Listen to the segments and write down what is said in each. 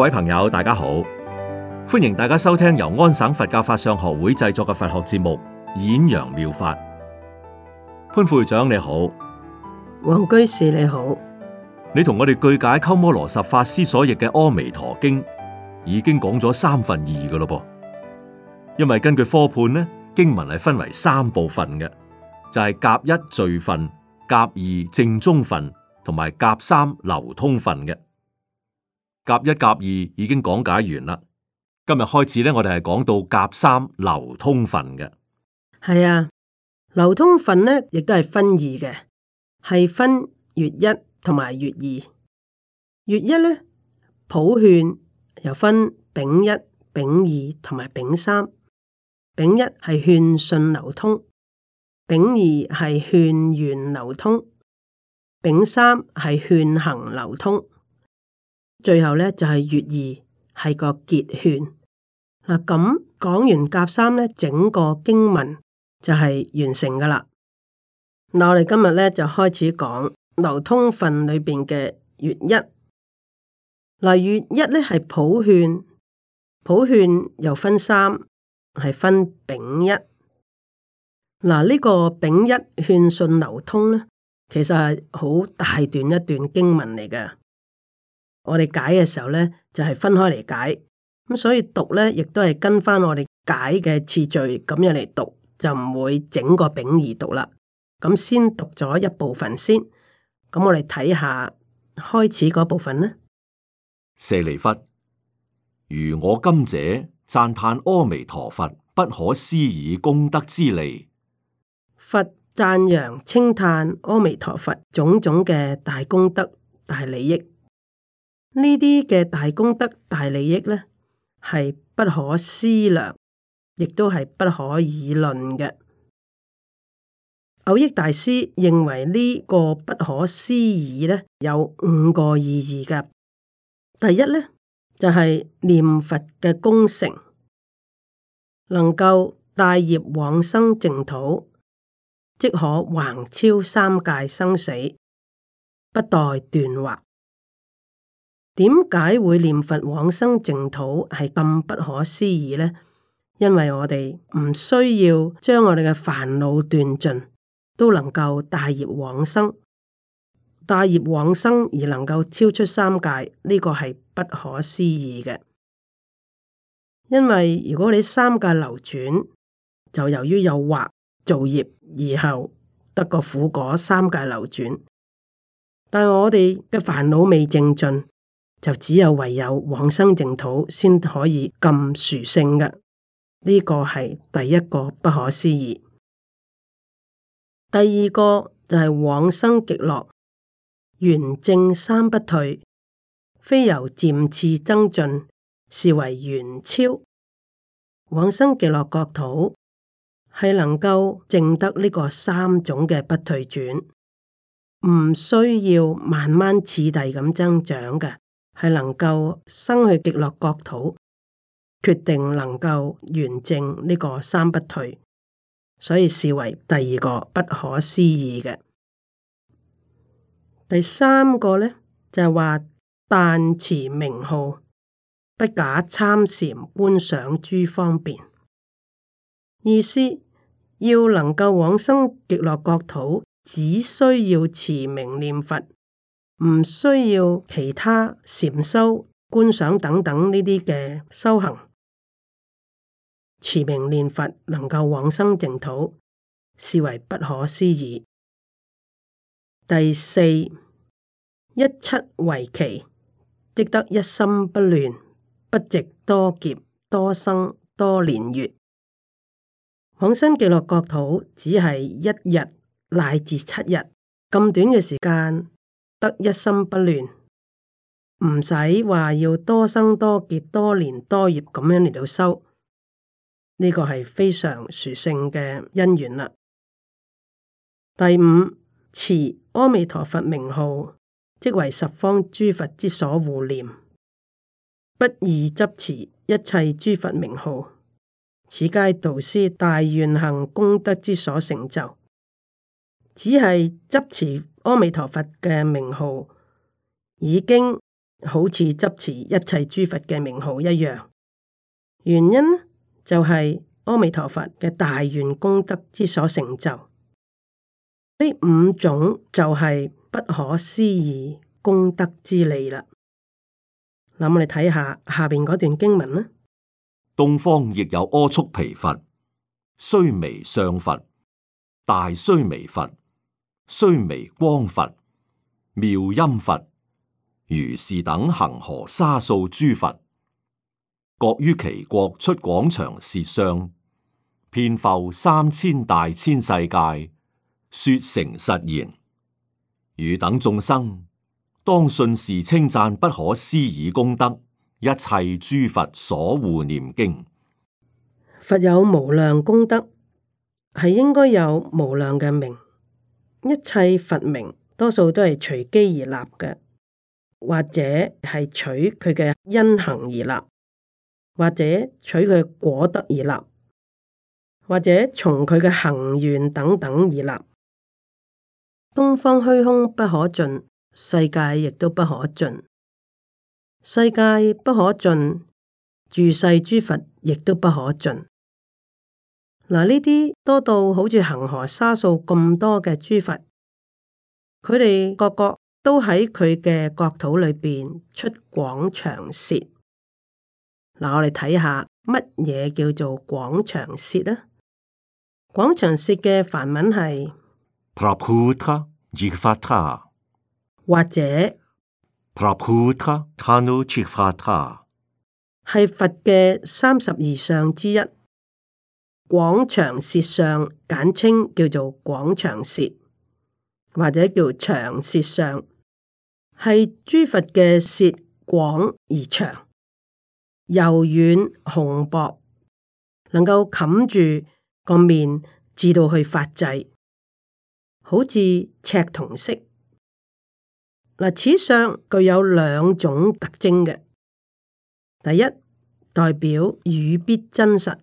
各位朋友，大家好，歡迎大家收聽由安省佛教法上學會製作嘅佛學節目《演揚妙妙法》。潘副會長你好，王居士你好，你同我哋句解鳩摩羅什法師所譯嘅《阿彌陀經》已經講咗三分二嘅咯噃。因為根據科判呢，經文係分為三部分嘅，就係、是、甲一序分、甲二正宗分同埋甲三流通分嘅。甲一、甲二已經講解完啦。今日開始咧，我哋係講到甲三流通分嘅。係啊，流通分咧亦都係分二嘅，係分乙一同埋乙二。乙一咧，普勸又分丙一、丙二同埋丙三。丙一係勸信流通，丙二係勸願流通，丙三係勸行流通。最後呢，就係、是、月二係個結勸嗱，咁講完甲三呢，整個經文就係完成噶啦。嗱我哋今日呢，就開始講流通份裏邊嘅月一嗱、啊、月一呢係普勸，普勸又分三，係分丙一嗱呢、啊這個丙一勸信流通呢，其實係好大段一段經文嚟嘅。我哋解嘅時候咧，就係、是、分開嚟解，咁、嗯、所以讀咧亦都係跟翻我哋解嘅次序咁樣嚟讀，就唔會整個丙二讀啦。咁、嗯、先讀咗一部分先，咁、嗯、我哋睇下開始嗰部分咧。舍利弗，如我今者讚歎阿彌陀佛不可思議功德之利，佛讚揚稱歎阿彌陀佛種種嘅大功德大利益。呢啲嘅大功德、大利益呢，係不可思量，亦都係不可議論嘅。藕益大師認為呢個不可思議呢，有五個意義噶。第一呢，就係、是、念佛嘅功成，能夠帶業往生淨土，即可橫超三界生死，不待斷惑。點解會念佛往生淨土係咁不可思議呢？因為我哋唔需要將我哋嘅煩惱斷盡，都能夠大業往生，大業往生而能夠超出三界，呢個係不可思議嘅。因為如果你三界流轉，就由於有惑造業，而後得個苦果，三界流轉。但我哋嘅煩惱未正盡。就只有唯有往生淨土先可以咁殊勝嘅，呢、呢個係第一個不可思議。第二個就係往生極樂原正三不退，非由漸次增進，視為原超往生極樂國土，係能夠證得呢個三種嘅不退轉，唔需要慢慢次第咁增長嘅。係能夠生去極樂國土，決定能夠圓證呢個三不退，所以視為第二個不可思議嘅。第三個呢就係、是、話，但持名號不假參禪，觀想諸方便，意思要能夠往生極樂國土，只需要持名念佛。唔需要其他禪修、觀賞等等呢啲嘅修行，持名念佛能夠往生淨土，視為不可思議。第四，一七為期，即得一心不亂，不值多劫、多生、多年月往生極樂國土，只係一日乃至七日咁短嘅時間。得一心不亂，唔使話要多生多結、多年多月咁樣嚟到修。呢、這個係非常殊勝嘅因緣啦。第五，持阿彌陀佛名號，即為十方諸佛之所護念，不宜執持一切諸佛名號，此皆導師大願行功德之所成就，只係執持。阿彌陀佛嘅名號已經好似執持一切諸佛嘅名號一樣，原因就係、是、阿彌陀佛嘅大願功德之所成就。呢五種就係不可思議功德之利啦。噉我哋睇下下邊嗰段經文啦。東方亦有阿閦鞞佛、須彌相佛、大須彌佛。須彌光佛、妙音佛、如是等恆河沙數諸佛，各於其國出廣長舌相，遍覆三千大千世界，說誠實言。汝等眾生當信是稱讚不可思議功德，一切諸佛所護念經。佛有無量功德，係應該有無量嘅名。一切佛名，多數都係隨機而立嘅，或者係取佢嘅因行而立，或者取佢果德而立，或者從佢嘅行願等等而立。東方虛空不可盡，世界亦都不可盡，世界不可盡，住世諸佛亦都不可盡。嗱，呢啲多到好似恒河沙數咁多嘅諸佛，佢哋個個都喺佢嘅國土裏邊出廣長舌。嗱，我哋睇下乜嘢叫做廣長舌咧？廣長舌嘅梵文係 prabhuta jihvata 或者 prabhuta tanu jihvata，係佛嘅三十二相之一。廣長舌相，簡稱叫做廣長舌，或者叫長舌相，係諸佛嘅舌廣而長，柔軟紅薄，能夠冚住個面至到去髮際，好似赤銅色。嗱，此相具有兩種特徵嘅，第一代表語必真實。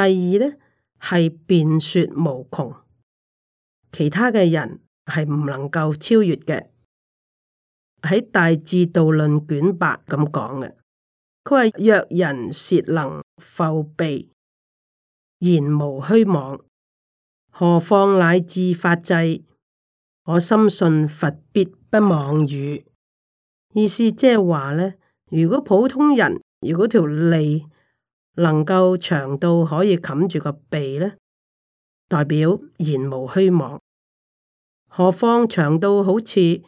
第二呢，係辯說無窮，其他嘅人係唔能夠超越嘅。喺《大智度論卷白》卷八咁講嘅，佢話，若人舌能覆鼻，言無虛妄，何況乃至髮際？我深信佛必不妄語。意思即係話呢，如果普通人，如果條脷。能夠長到可以冚住個鼻呢，代表言無虛妄。何況長到好似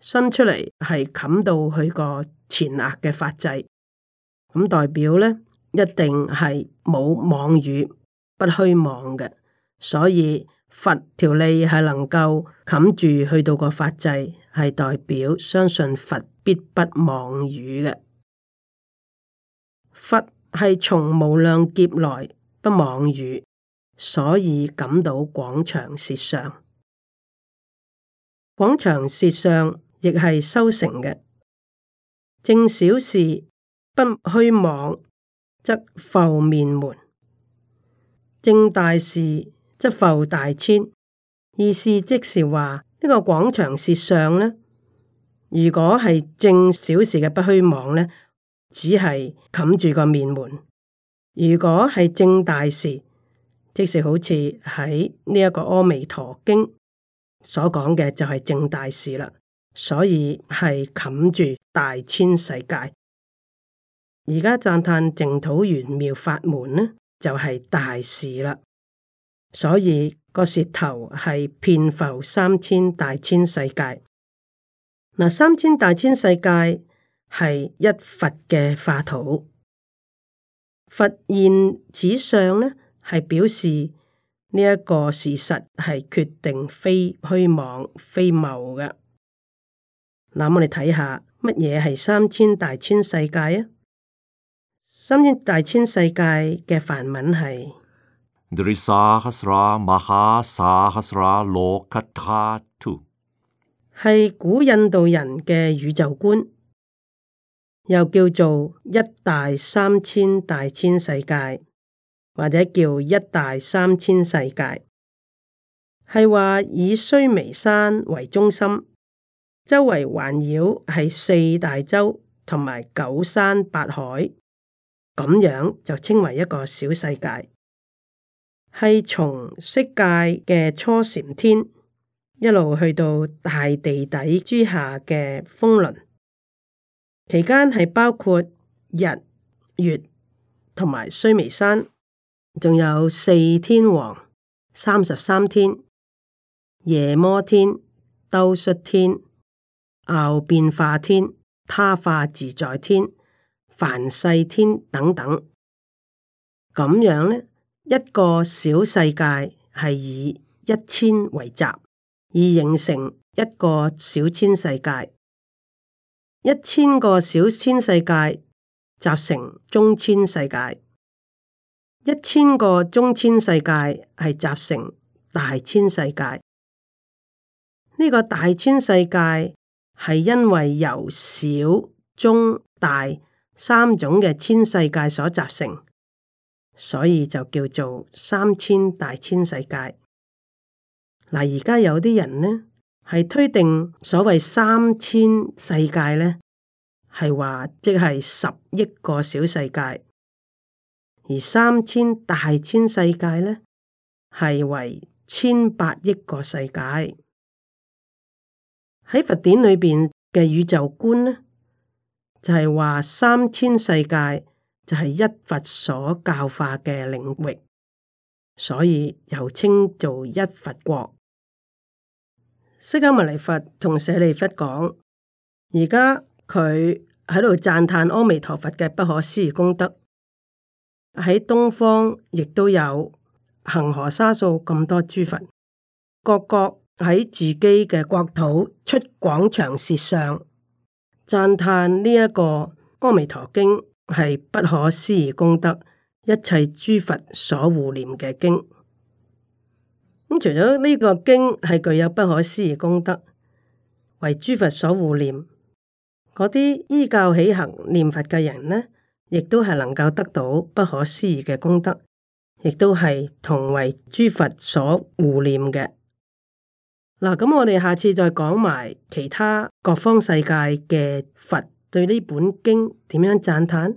伸出嚟，係冚到佢個前額嘅髮際，咁代表呢，一定係冇妄語，不虛妄嘅。所以佛條脷係能夠冚住去到個髮際，係代表相信佛必不妄語嘅。佛。係從無量劫來不妄語，所以感到廣長舌相。廣長舌相亦係修成嘅。正小事不虛妄，則浮面門；正大事則浮大千。意思即是話呢、這個廣長舌相呢，如果係正小事嘅不虛妄呢？只係冚住個面門。如果係正大事，即是好似喺呢一個阿彌陀經所講嘅，就係正大事啦。所以係冚住大千世界。而家讚歎淨土玄妙法門呢，就係、是、大事啦。所以個舌頭係遍覆三千大千世界。嗱、啊，三千大千世界。係一佛嘅化土，佛現此相呢，係表示呢一個事實係決定非虛妄非謬嘅。咁我哋睇下乜嘢係三千大千世界啊？三千大千世界嘅梵文係，係 古印度人嘅宇宙觀。又叫做一大三千大千世界，或者叫一大三千世界，係話以須彌山為中心，周圍環繞係四大洲同埋九山八海，咁樣就稱為一個小世界，係從色界嘅初禪天一路去到大地底之下嘅風輪。期間係包括日、月同埋須彌山，仲有四天王、三十三天、夜摩天、兜率天、樂變化天、他化自在天、梵世天等等。咁樣咧，一個小世界係以一千為集，以形成一個小千世界。一千個小千世界集成中千世界，一千個中千世界係集成大千世界。呢個大千世界係因為由小、中、大三種嘅千世界所集成，所以就叫做三千大千世界。嗱，而家有啲人呢，係推定所謂三千世界咧，係話即係十億個小世界，而三千大千世界咧，係為千百億個世界。喺佛典裏邊嘅宇宙觀咧，就係話三千世界就係一佛所教化嘅領域，所以又稱做一佛國。釋迦牟尼佛同舍利弗講：而家佢喺度讚歎阿彌陀佛嘅不可思議功德。喺東方亦都有恆河沙數咁多諸佛，各各喺自己嘅國土出廣長舌上讚歎呢一個阿彌陀經係不可思議功德，一切諸佛所護念嘅經。咁除咗呢個經係具有不可思議功德、為諸佛所護念，嗰啲依教起行念佛嘅人呢，亦都係能夠得到不可思議嘅功德，亦都係同為諸佛所護念嘅。嗱，咁我哋下次再講埋其他各方世界嘅佛對呢本經點樣讚嘆。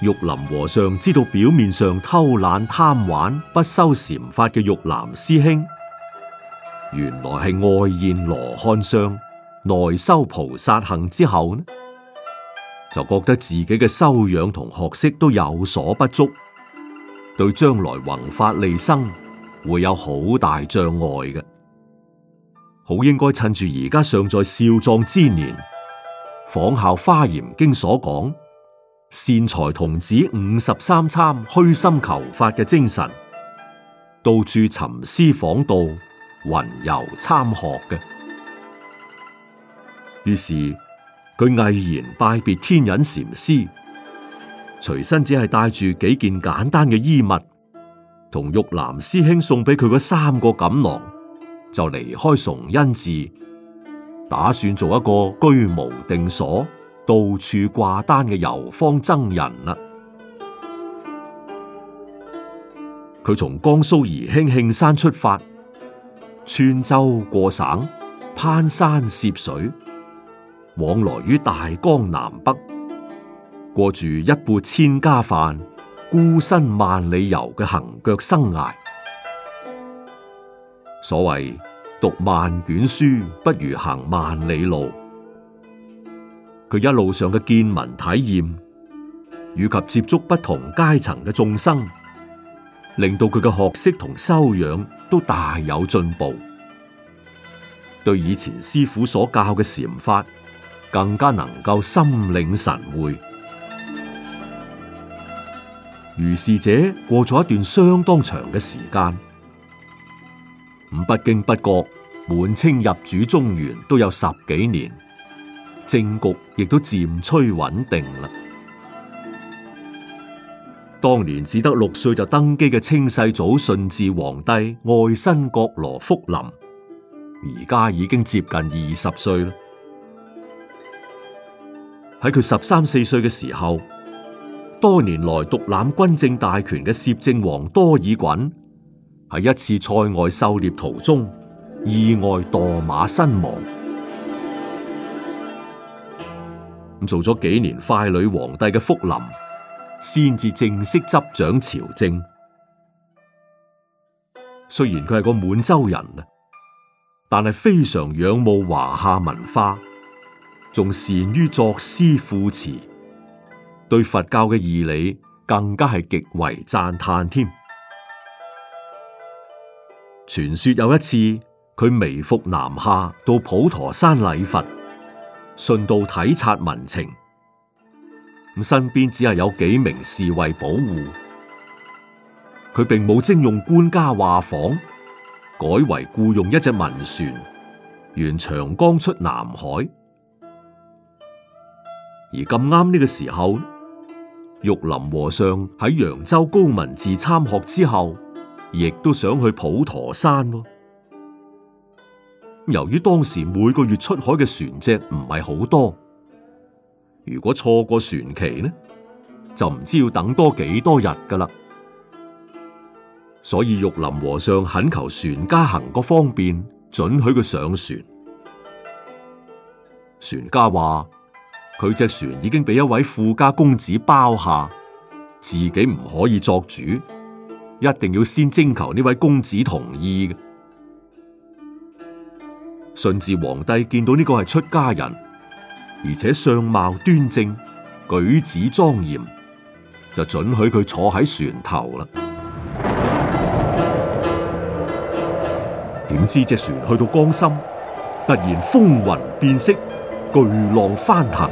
玉林和尚知道表面上偷懶貪玩、不修禪法嘅玉蘭師兄，原來係外現羅漢相，內修菩薩行之後呢，就覺得自己嘅修養同學識都有所不足，對將來弘法利生會有好大障礙嘅，好應該趁住而家尚在少壯之年，仿效《華嚴經》所講。善財童子五十三參，虛心求法嘅精神，到處尋師訪道，雲遊參學嘅。於是佢毅然拜別天隱禪師，隨身只係帶住幾件簡單嘅衣物，同玉蘭師兄送俾佢嗰三個錦囊，就離開崇恩寺，打算做一個居無定所。到處掛單嘅遊方僧人啦、啊，佢從江蘇宜興慶山出發，穿州過省，攀山涉水，往來於大江南北，過住一缽千家飯，孤身萬里遊嘅行腳生涯。所謂讀萬卷書，不如行萬里路。佢一路上嘅見聞體驗，以及接觸不同階層嘅眾生，令到佢嘅學識同修養都大有進步，對以前師父所教嘅禪法更加能夠心領神會。如是者過咗一段相當長嘅時間，唔不經不覺，滿清入主中原都有十幾年。政局亦都漸趨穩定啦。當年只得六歲就登基嘅清世祖順治皇帝愛新覺羅福臨，而家已經接近二十歲啦。喺佢十三四歲嘅時候，多年來獨攬軍政大權嘅攝政王多爾袞，喺一次塞外狩獵途中意外墮馬身亡。做咗幾年傀儡皇帝嘅福臨，先至正式執掌朝政。雖然佢係個滿洲人，但係非常仰慕華夏文化，仲善於作詩賦詞，對佛教嘅義理更加係極為讚歎添。傳說有一次，佢微服南下到普陀山禮佛。順道體察民情，身邊只係有幾名侍衛保護，佢並冇徵用官家畫舫，改為僱用一隻民船，沿長江出南海。而咁啱呢個時候，玉林和尚喺揚州高文寺參學之後，亦都想去普陀山。由於當時每個月出海嘅船隻唔係好多，如果錯過船期呢，就唔知要等多幾多日噶啦。所以玉林和尚懇求船家行個方便，準許佢上船。船家話：佢隻船已經俾一位富家公子包下，自己唔可以作主，一定要先徵求呢位公子同意。順治皇帝見到呢個係出家人，而且相貌端正，舉止莊嚴，就准許佢坐喺船頭啦。點知隻船去到江心，突然風雲變色，巨浪翻騰。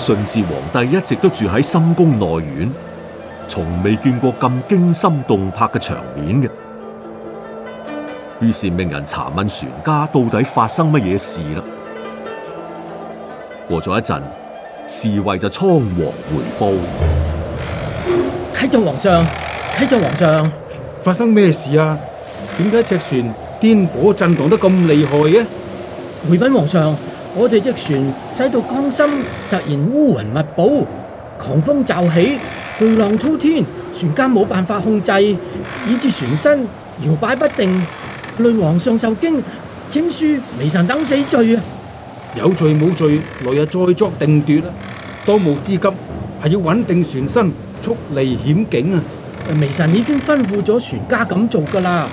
順 治皇帝一直都住喺深宮內院，從未見過咁驚心動魄嘅場面嘅。於是命人查問船家到底發生乜嘢事啦。過咗一陣，侍衛就倉皇回報：啟奏皇上，啟奏皇上，發生咩事啊？點解隻船顛簸震動得咁厲害嘅？回禀皇上，我哋隻船駛到江心，突然烏雲密布，狂風驟起，巨浪滔天，船家冇辦法控制，以致船身搖擺不定。累皇上受驚，請恕微臣等死罪啊！有罪冇罪，來日再作定奪啦。當務之急係要穩定船身，速離險境啊！微臣已經吩咐咗船家咁做噶啦，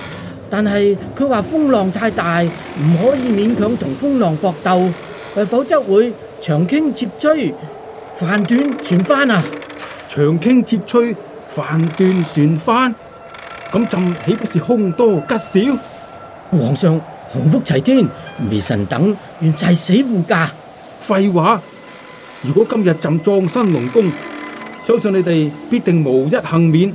但係佢話風浪太大，唔可以勉強同風浪搏鬥，否則會檣傾楫摧，帆斷船翻啊！檣傾楫摧，帆斷船翻，咁朕豈不是凶多吉少？皇上洪福齊天，微臣等願誓死護駕。廢話，如果今日朕葬身龍宮，相信你哋必定無一幸免。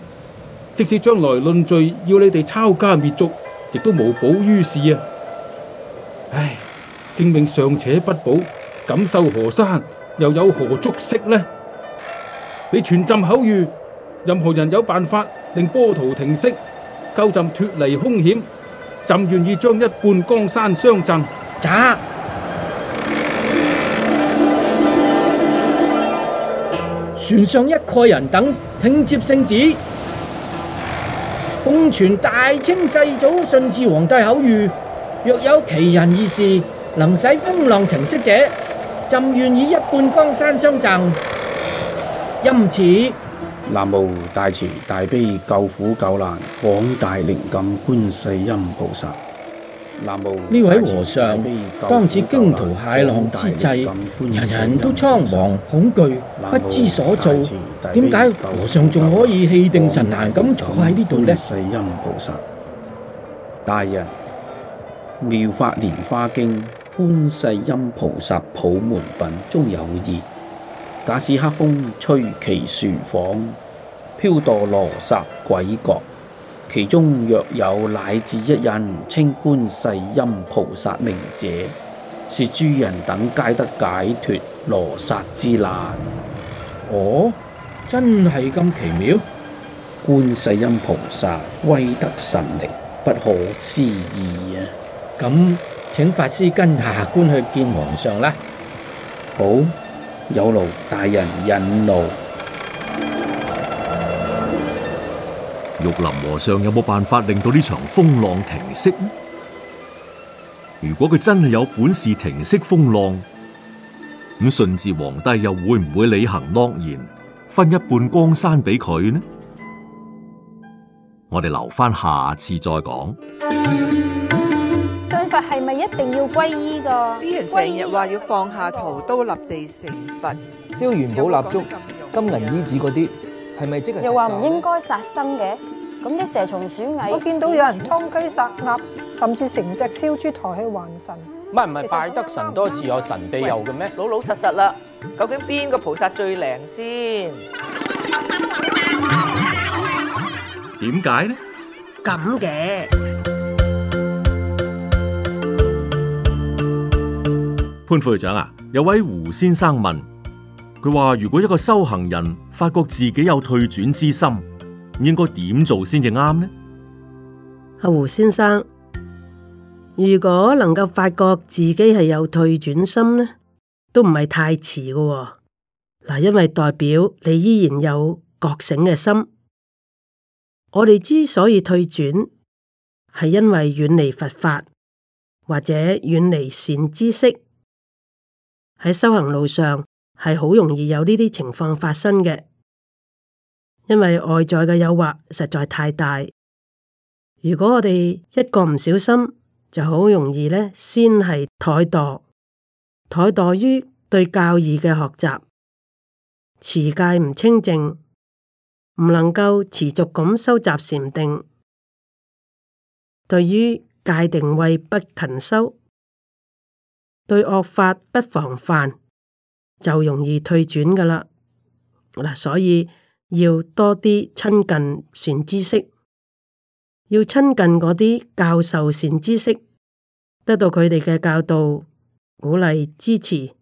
即使將來論罪，要你哋抄家滅族，亦都無補於事啊！唉，性命尚且不保，錦繡河山又有何足惜呢？你傳朕口諭，任何人有辦法令波濤停息，救朕脱離凶險，朕願意將一半江山相贈。查船上一概人等聽接聖旨，奉傳大清世祖順治皇帝口諭：若有奇人異士能使風浪停息者，朕願以一半江山相贈。因此。南無大慈大悲救苦救難廣大靈感觀世音菩薩。南無呢位和尚，當此驚濤駭浪之際，人人都倉惶恐懼，不知所措。點解和尚仲可以氣定神閒咁坐喺呢度呢？觀世音菩薩，大人妙法蓮花經觀世音菩薩普門品中有言。假使黑風吹其船舫，漂墮羅刹鬼國，其中若有乃至一人稱觀世音菩薩名者，是諸人等皆得解脫羅刹之難。哦，真係咁奇妙！觀世音菩薩威德神力不可思議啊！咁請法師跟下官去見皇上啦。好。有勞，大人引路。玉林和尚有冇辦法令到呢場風浪停息呢？如果佢真係有本事停息風浪，咁順治皇帝又會唔會履行諾言，分一半江山俾佢呢？我哋留翻下次再講。係咪一定要皈依噶？啲人成日話要放下屠刀立地成佛，燒元寶蠟燭、金銀衣紙嗰啲，係咪即係？又話唔應該殺生嘅，咁啲蛇蟲鼠蟻，我見到有人劏雞殺鴨，甚至成隻燒豬抬去還神。唔係唔係，拜得神多自有神庇佑嘅咩？老老實實啦，究竟邊個菩薩最靈先？點解呢？咁嘅。潘副會長啊，有位胡先生問佢話：如果一個修行人發覺自己有退轉之心，應該點做先至啱呢？阿、啊、胡先生，如果能夠發覺自己係有退轉心呢，都唔係太遲嘅嗱、哦，因為代表你依然有覺醒嘅心。我哋之所以退轉，係因為遠離佛法或者遠離善知識。喺修行路上係好容易有呢啲情況發生嘅，因為外在嘅誘惑實在太大。如果我哋一個唔小心，就好容易呢先係怠惰，怠惰於對教義嘅學習，持戒唔清淨，唔能夠持續咁修習禪定，對於戒定慧不勤修。對惡法不防範，就容易退轉噶啦。嗱，所以要多啲親近善知識，要親近嗰啲教授善知識，得到佢哋嘅教導、鼓勵、支持，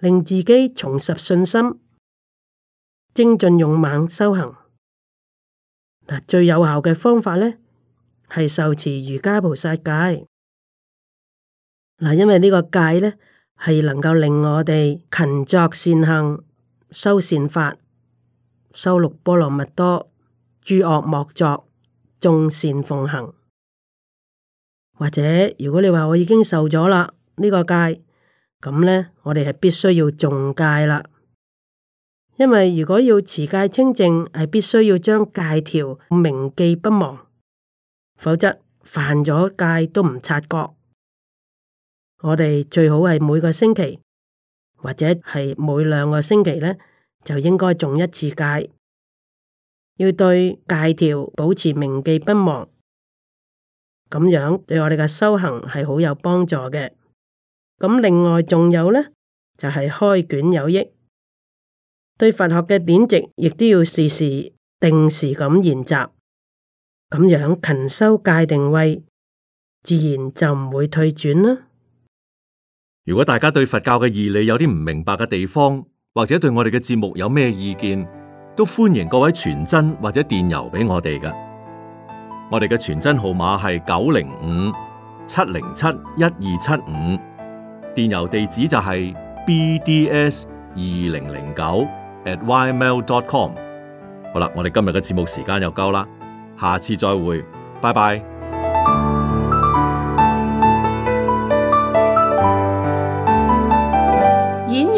令自己重拾信心，精進勇猛修行。嗱，最有效嘅方法咧，係受持瑜伽菩薩戒。嗱，因為呢個戒咧係能夠令我哋勤作善行、修善法、修六波羅蜜多、諸惡莫作、眾善奉行。或者，如果你話我已經受咗啦呢個戒，咁咧我哋係必須要重戒啦。因為如果要持戒清淨，係必須要將戒條銘記不忘，否則犯咗戒都唔察覺。我哋最好係每個星期或者係每兩個星期咧，就應該誦一次戒，要對戒條保持銘記不忘，咁樣對我哋嘅修行係好有幫助嘅。咁另外仲有咧，就係、是、開卷有益，對佛學嘅典籍亦都要時時定時咁研習，咁樣勤修戒定慧，自然就唔會退轉啦。如果大家對佛教嘅義理有啲唔明白嘅地方，或者對我哋嘅節目有咩意見，都歡迎各位傳真或者電郵俾我哋㗎。我哋嘅傳真號碼係九零五七零七一二七五，75，電郵地址就係 bds 二零零九 @ymail.com。好啦，我哋今日嘅節目時間又夠啦，下次再會，拜拜。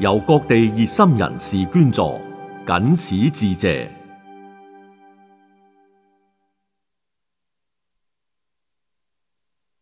由各地熱心人士捐助，謹此致謝。